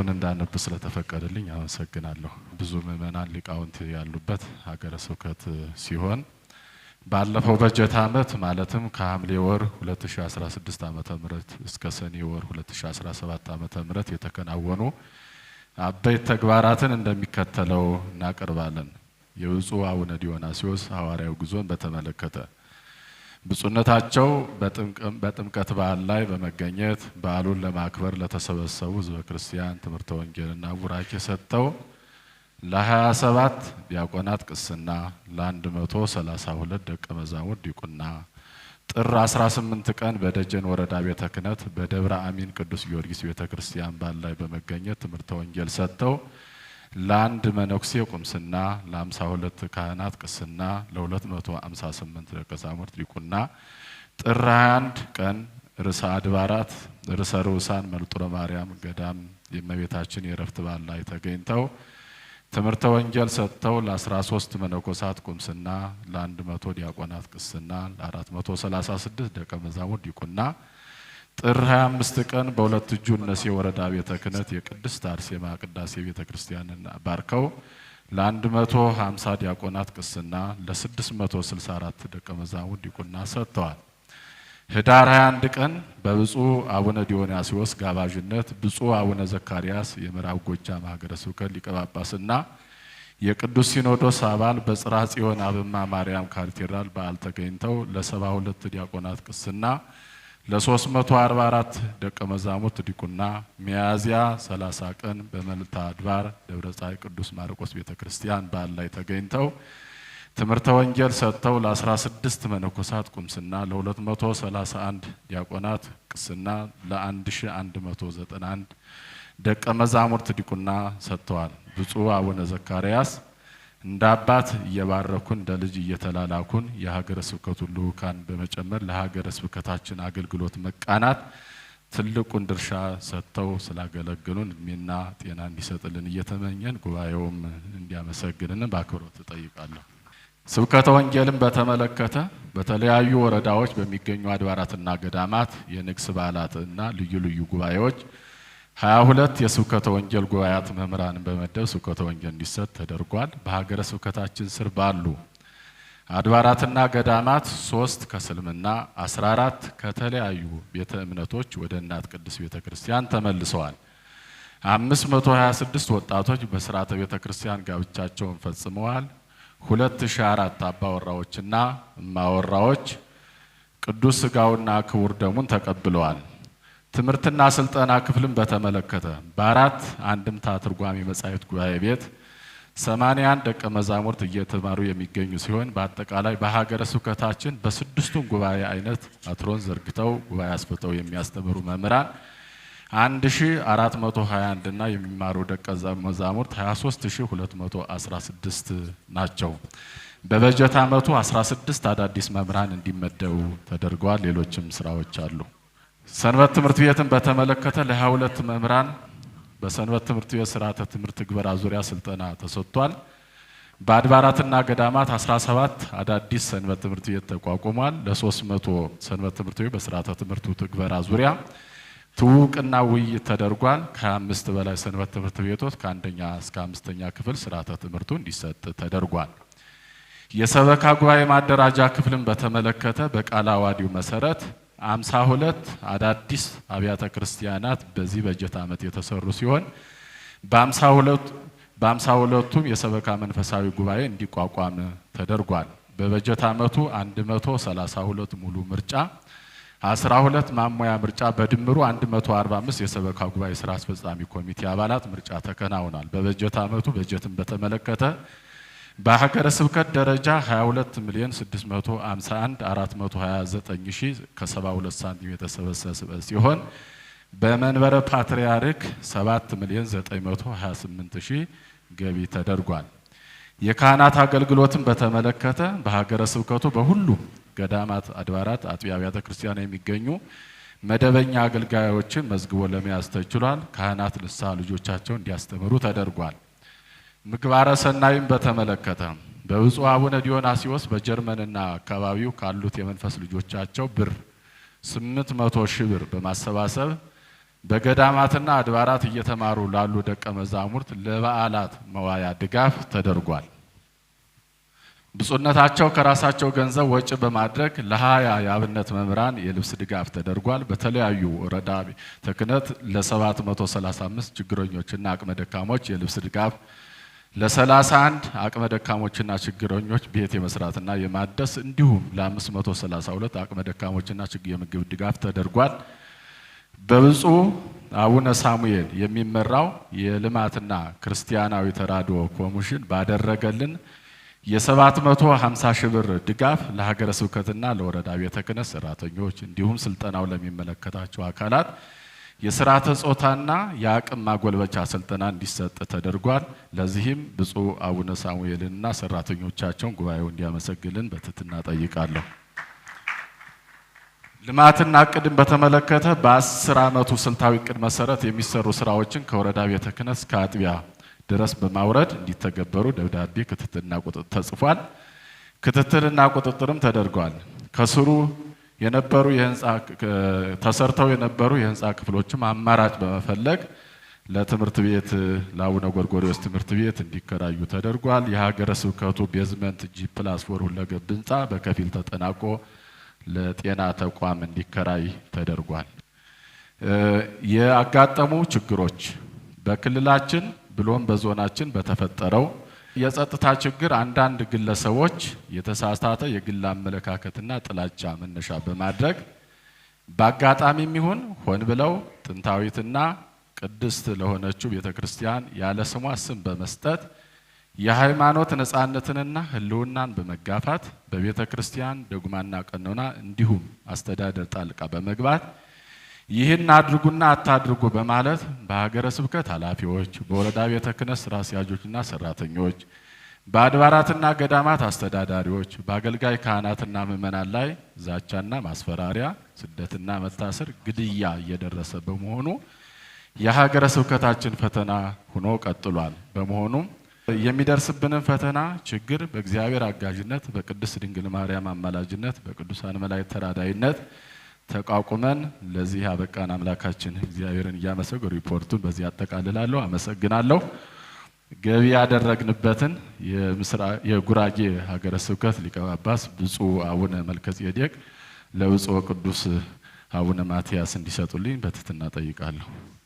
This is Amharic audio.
እሱን እንዳነብ ስለተፈቀደልኝ አመሰግናለሁ። ብዙ ምእመናን ሊቃውንት ያሉበት ሀገረ ስብከት ሲሆን ባለፈው በጀት ዓመት ማለትም ከሐምሌ ወር 2016 ዓ ም እስከ ሰኔ ወር 2017 ዓ ምህረት የተከናወኑ አበይት ተግባራትን እንደሚከተለው እናቀርባለን። የብፁዕ አቡነ ዲዮናስዮስ ሐዋርያዊ ጉዞን በተመለከተ ብፁዕነታቸው በጥምቀት በዓል ላይ በመገኘት በዓሉን ለማክበር ለተሰበሰቡ ሕዝበ ክርስቲያን ትምህርተ ወንጌልና ቡራኬ ሰጥተው ለ27 ዲያቆናት ቅስና፣ ለ132 ደቀ መዛሙርት ዲቁና ጥር 18 ቀን በደጀን ወረዳ ቤተ ክህነት በደብረ አሚን ቅዱስ ጊዮርጊስ ቤተ ክርስቲያን በዓል ላይ በመገኘት ትምህርተ ወንጌል ሰጥተው ለአንድ መነኩሴ ቁምስና፣ ለ52 ካህናት ቅስና፣ ለ258 ደቀ መዛሙርት ዲቁና ጥር 21 ቀን ርዕሰ አድባራት ርዕሰ ርዑሳን መልጡለ ማርያም ገዳም የእመቤታችን የእረፍት በዓል ላይ ተገኝተው ትምህርተ ወንጌል ሰጥተው ለ13 መነኮሳት ቁምስና፣ ለ100 ዲያቆናት ቅስና፣ ለ436 ደቀ መዛሙርት ዲቁና ጥር 25 ቀን በሁለት እጁ እነሴ ወረዳ ቤተ ክህነት የቅድስት አርሴማ ቅዳሴ ቤተ ክርስቲያንን ባርከው ለ150 ዲያቆናት ቅስና ለ664 ደቀ መዛሙርት ዲቁና ሰጥተዋል። ህዳር 21 ቀን በብፁዕ አቡነ ዲዮናሲዎስ ጋባዥነት ብፁዕ አቡነ ዘካርያስ የምዕራብ ጎጃም ሀገረ ስብከት ሊቀ ጳጳስና የቅዱስ ሲኖዶስ አባል በጽራ ጽዮን አብማ ማርያም ካቴድራል በዓል ተገኝተው ለ72 ዲያቆናት ቅስና ለ344 ደቀ መዛሙርት ዲቁና ሚያዝያ 30 ቀን በመልዕልተ አድባር ደብረ ፀሐይ ቅዱስ ማርቆስ ቤተ ክርስቲያን በዓል ላይ ተገኝተው ትምህርተ ወንጌል ሰጥተው ለ ስድስት መነኮሳት ቁምስና፣ ለ231 ዲያቆናት ቅስና፣ ለ1191 ደቀ መዛሙርት ዲቁና ሰጥተዋል። ብፁዕ አቡነ ዘካርያስ እንደ አባት እየባረኩን እንደ ልጅ እየተላላኩን የሀገረ ስብከቱ ልኡካን በመጨመር ለሀገረ ስብከታችን አገልግሎት መቃናት ትልቁን ድርሻ ሰጥተው ስላገለግሉን እድሜና ጤና እንዲሰጥልን እየተመኘን ጉባኤውም እንዲያመሰግንን በአክብሮት እጠይቃለሁ። ስብከተ ወንጌልን በተመለከተ በተለያዩ ወረዳዎች በሚገኙ አድባራትና ገዳማት የንግስ እና ልዩ ልዩ ጉባኤዎች ሀያ ሁለት የስብከተ ወንጌል ጉባኤያት መምህራንን በመደብ ስብከተ ወንጌል እንዲሰጥ ተደርጓል። በሀገረ ስብከታችን ስር ባሉ አድባራትና ገዳማት ሶስት ከስልምና አስራ አራት ከተለያዩ ቤተ እምነቶች ወደ እናት ቅድስት ቤተ ክርስቲያን ተመልሰዋል። አምስት መቶ ሀያ ስድስት ወጣቶች በስርዓተ ቤተ ክርስቲያን ጋብቻቸውን ፈጽመዋል። ሁለት ሺ አራት አባወራዎችና እማወራዎች ቅዱስ ስጋውና ክቡር ደሙን ተቀብለዋል። ትምህርትና ስልጠና ክፍልን በተመለከተ በአራት አንድምታ ትርጓሜ መጻሕፍት ጉባኤ ቤት 81 ደቀ መዛሙርት እየተማሩ የሚገኙ ሲሆን በአጠቃላይ በሀገረ ስብከታችን በስድስቱም ጉባኤ አይነት አትሮን ዘርግተው ጉባኤ አስፍተው የሚያስተምሩ መምህራን 1421 እና የሚማሩ ደቀ መዛሙርት 23216 ናቸው። በበጀት ዓመቱ 16 አዳዲስ መምህራን እንዲመደቡ ተደርገዋል። ሌሎችም ስራዎች አሉ። ሰንበት ትምህርት ቤትን በተመለከተ ለሃያ ሁለት መምህራን በሰንበት ትምህርት ቤት ስርዓተ ትምህርት ግበራ ዙሪያ ስልጠና ተሰጥቷል። በአድባራትና ገዳማት 17 አዳዲስ ሰንበት ትምህርት ቤት ተቋቁሟል። ለ300 ሰንበት ትምህርት ቤት በስርዓተ ትምህርቱ ትግበራ ዙሪያ ትውቅና ውይይት ተደርጓል። ከ25 በላይ ሰንበት ትምህርት ቤቶች ከአንደኛ እስከ አምስተኛ ክፍል ስርዓተ ትምህርቱ እንዲሰጥ ተደርጓል። የሰበካ ጉባኤ ማደራጃ ክፍልን በተመለከተ በቃለ ዓዋዲው መሰረት አምሳ ሁለት አዳዲስ አብያተ ክርስቲያናት በዚህ በጀት ዓመት የተሰሩ ሲሆን በአምሳ ሁለቱም የሰበካ መንፈሳዊ ጉባኤ እንዲቋቋም ተደርጓል። በበጀት ዓመቱ 132 ሙሉ ምርጫ፣ 12 ማሞያ ምርጫ በድምሩ 145 የሰበካ ጉባኤ ስራ አስፈጻሚ ኮሚቴ አባላት ምርጫ ተከናውኗል። በበጀት ዓመቱ በጀትን በተመለከተ በሀገረ ስብከት ደረጃ 22 ሚሊዮን 651 429 ሺ ከ72 ሳንቲም የተሰበሰበ ሲሆን በመንበረ ፓትርያርክ 7 ሚሊዮን 928 ሺ ገቢ ተደርጓል። የካህናት አገልግሎትን በተመለከተ በሀገረ ስብከቱ በሁሉም ገዳማት፣ አድባራት፣ አጥቢያ አብያተ ክርስቲያን የሚገኙ መደበኛ አገልጋዮችን መዝግቦ ለመያዝ ተችሏል። ካህናት ንስሐ ልጆቻቸው እንዲያስተምሩ ተደርጓል። ምግባረ ሰናይም በተመለከተ በብፁዕ አቡነ ዲዮናሲዎስ በጀርመንና አካባቢው ካሉት የመንፈስ ልጆቻቸው ብር 800 ሺህ ብር በማሰባሰብ በገዳማትና አድባራት እየተማሩ ላሉ ደቀ መዛሙርት ለበዓላት መዋያ ድጋፍ ተደርጓል። ብፁዕነታቸው ከራሳቸው ገንዘብ ወጪ በማድረግ ለሀያ የአብነት መምህራን የልብስ ድጋፍ ተደርጓል። በተለያዩ ወረዳ ተክነት ለ735 ችግረኞችና አቅመ ደካሞች የልብስ ድጋፍ ለሰላሳ አንድ አቅመ ደካሞችና ችግረኞች ቤት የመስራትና የማደስ እንዲሁም ለ532 አቅመ ደካሞችና የምግብ ድጋፍ ተደርጓል። በብፁዕ አቡነ ሳሙኤል የሚመራው የልማትና ክርስቲያናዊ ተራድኦ ኮሚሽን ባደረገልን የ750 ሺህ ብር ድጋፍ ለሀገረ ስብከትና ለወረዳ ቤተ ክህነት ሰራተኞች እንዲሁም ስልጠናው ለሚመለከታቸው አካላት የስርዓተ ጾታና የአቅም ማጎልበቻ ስልጠና እንዲሰጥ ተደርጓል። ለዚህም ብፁዕ አቡነ ሳሙኤልንና ሰራተኞቻቸውን ጉባኤው እንዲያመሰግልን በትህትና ጠይቃለሁ። ልማትና እቅድን በተመለከተ በአስር ዓመቱ ስልታዊ እቅድ መሰረት የሚሰሩ ስራዎችን ከወረዳ ቤተ ክህነት እስከ አጥቢያ ድረስ በማውረድ እንዲተገበሩ ደብዳቤ ክትትልና ቁጥጥር ተጽፏል። ክትትልና ቁጥጥርም ተደርጓል። ከስሩ የነበሩ የህንፃ ተሰርተው የነበሩ የህንፃ ክፍሎችም አማራጭ በመፈለግ ለትምህርት ቤት ለአቡነ ጎርጎሪዎስ ትምህርት ቤት እንዲከራዩ ተደርጓል። የሀገረ ስብከቱ ቤዝመንት ጂ ፕላስ ወር ሁለገብ ህንፃ በከፊል ተጠናቆ ለጤና ተቋም እንዲከራይ ተደርጓል። ያጋጠሙ ችግሮች በክልላችን ብሎም በዞናችን በተፈጠረው የጸጥታ ችግር አንዳንድ ግለሰቦች የተሳሳተ የግል አመለካከትና ጥላቻ መነሻ በማድረግ በአጋጣሚ የሚሆን ሆን ብለው ጥንታዊትና ቅድስት ለሆነችው ቤተ ክርስቲያን ያለ ስሟ ስም በመስጠት የሃይማኖት ነጻነትንና ሕልውናን በመጋፋት በቤተ ክርስቲያን ቀኖና እንዲሁም አስተዳደር ጣልቃ በመግባት ይህን አድርጉና አታድርጉ በማለት በሀገረ ስብከት ኃላፊዎች፣ በወረዳ ቤተ ክህነት ስራ አስያዦችና ሰራተኞች፣ በአድባራትና ገዳማት አስተዳዳሪዎች፣ በአገልጋይ ካህናትና ምእመናን ላይ ዛቻና ማስፈራሪያ፣ ስደትና መታሰር፣ ግድያ እየደረሰ በመሆኑ የሀገረ ስብከታችን ፈተና ሆኖ ቀጥሏል። በመሆኑም የሚደርስብንን ፈተና ችግር በእግዚአብሔር አጋዥነት፣ በቅድስት ድንግል ማርያም አማላጅነት፣ በቅዱሳን መላእክት ተራዳይነት ተቋቁመን ለዚህ ያበቃን አምላካችን እግዚአብሔርን እያመሰገንኩ ሪፖርቱን በዚህ አጠቃልላለሁ። አመሰግናለሁ። ገቢ ያደረግንበትን የጉራጌ ሀገረ ስብከት ሊቀ ጳጳስ ብፁዕ አቡነ መልከጼዴቅ ለብፁዕ ቅዱስ አቡነ ማትያስ እንዲሰጡልኝ በትህትና ጠይቃለሁ።